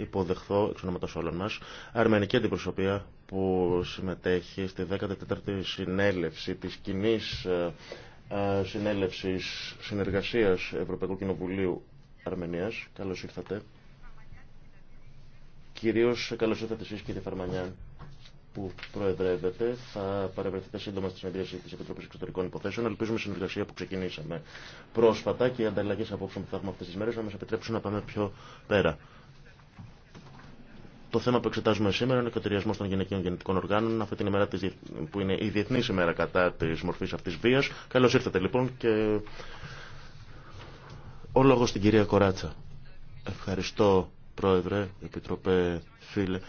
υποδεχθώ εξ ονόματο όλων μας αρμενική αντιπροσωπεία που συμμετέχει στη 14η συνέλευση της κοινή ε, ε, συνέλευσης συνεργασίας Ευρωπαϊκού Κοινοβουλίου Αρμενίας. Καλώς ήρθατε. Κυρίως καλώς ήρθατε εσείς κύριε Φαρμανιάν που προεδρεύεται. Θα παρευρεθείτε σύντομα στη συνεδρίαση τη Επιτροπή Εξωτερικών Υποθέσεων. Ελπίζουμε η συνελευση τη κοινη συνέλευση συνεργασία ευρωπαικου κοινοβουλιου αρμενιας Καλώ ηρθατε Κυρίω καλώ ηρθατε εσεί, κυριε Φαρμανιά που προεδρεύετε. θα παρευρεθειτε συντομα στη συνεδριαση τη επιτροπη πρόσφατα και οι ανταλλαγέ απόψεων που θα έχουμε αυτέ τι μέρε να μα επιτρέψουν να πάμε πιο πέρα. Το θέμα που εξετάζουμε σήμερα είναι ο κατηριασμό των γυναικείων γεννητικών οργάνων, αυτή την ημέρα της, που είναι η διεθνή ημέρα κατά τη μορφή αυτή βία. Καλώ ήρθατε λοιπόν και. Ο λόγο στην κυρία Κοράτσα. Ευχαριστώ, Πρόεδρε, Επιτροπέ, φίλε.